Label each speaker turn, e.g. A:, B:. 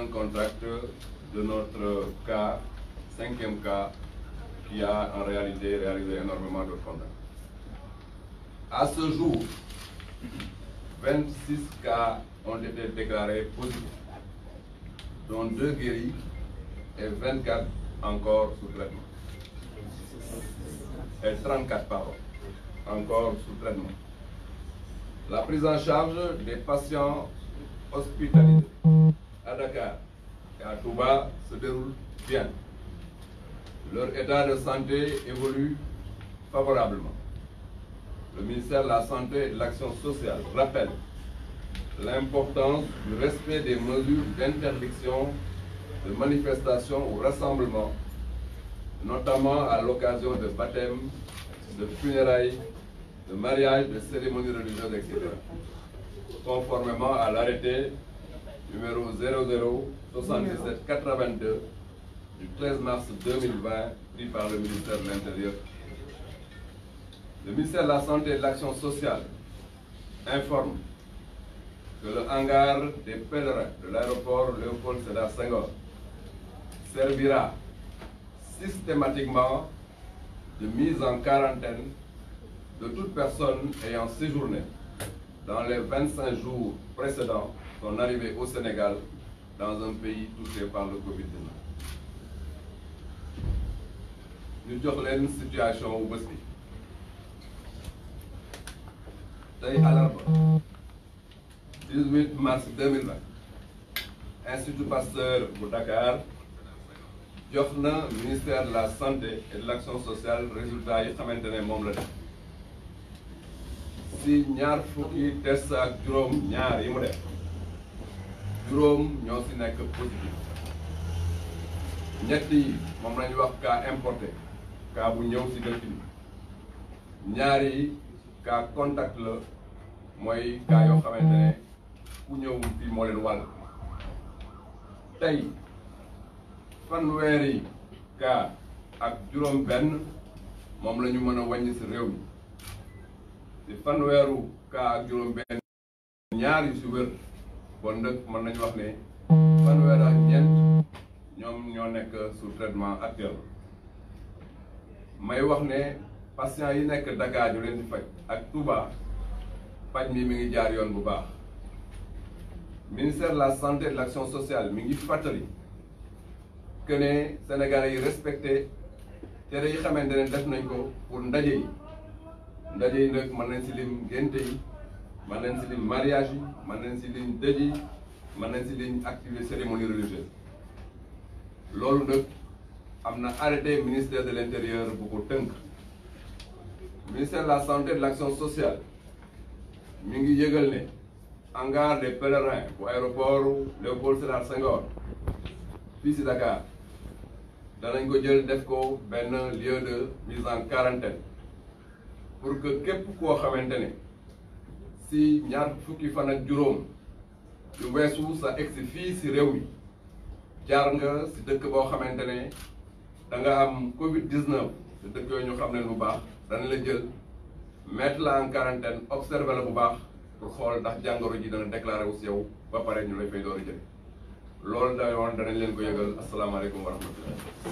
A: un contact de notre cas, cinquième cas, qui a en réalité réalisé énormément de contacts. À ce jour, 26 cas ont été déclarés positifs, dont deux guéris et 24 encore sous traitement. Et 34 an encore sous traitement. La prise en charge des patients hospitalisés Dakar et à Touba se déroule bien. Leur état de santé évolue favorablement. Le ministère de la Santé et de l'Action sociale rappelle l'importance du respect des mesures d'interdiction de manifestation ou rassemblement, notamment à l'occasion de baptêmes, de funérailles, de mariages, de cérémonies religieuses, etc. Conformément à l'arrêté numéro 00 du 13 mars 2020 pris par le ministère de l'Intérieur. Le ministère de la Santé et de l'Action sociale informe que le hangar des pèlerins de l'aéroport Léopold Sédar Senghor servira systématiquement de mise en quarantaine de toute personne ayant séjourné dans les 25 jours précédents son arrivée au Sénégal dans un pays touché par le Covid-19. Nous avons une situation au nous 18 mars 2020 Institut Pasteur de Dakar ministère de la santé et de l'action sociale résultat est à maintenir moom ci ñaar fukki test ak juróom ñaar yi mu def juróom ñoo ci nekk positif ñett yi moom lañu wax cas importé cas bu ñëw ci dëkk bi ñaar yi cas contact la mooy cas yoo xamante ne ku ñëw fii moo leen wàll tey fanweeri cas ak juróom benn moom la mën a wàññi si réew mi di fanweeru kaa ak juróom-benn ñaar yu si wér bon nag mën nañu wax ne fanweer ak ñoom ñoo nekk su traitement actuel may wax ne patient yi nekk Dakar ñu leen di faj ak Touba faj mi mi ngi jaar yoon bu baax ministère la santé et de l'action sociale mi ngi fàttali que ne Sénégalais yi respecte tere yi xamante ne def nañ ko pour ndaje yi. Je suis nag mën nañ si lim ngénte yi nañ si lim mariage yi nañ si lim cérémonie religieuse loolu arrêté ministère de l'Intérieur beaucoup teng. ko ministère de la santé et de l'Action sociale Mingi ngi en ne de des pèlerins bu aéroport Léopold Sédar Senghor fii si Dakar dans ko jël def ko lieu de mise en quarantaine pour que képp koo xamante ne si ñaar fukki fan ak juróom yu weesu sa egsi fii si réew mi jaar nga si dëkk boo xamante ne da nga am Covid 19 te dëkk yooyu ñu xam leen bu baax dana la jël mettre la en quarantaine observer la bu baax pour xool ndax jàngoro ji dana déclaré wu si yow ba pare ñu lay fay door a jël loolu da woon danañ leen ko yëgal asalaamaaleykum wa rahmatulah.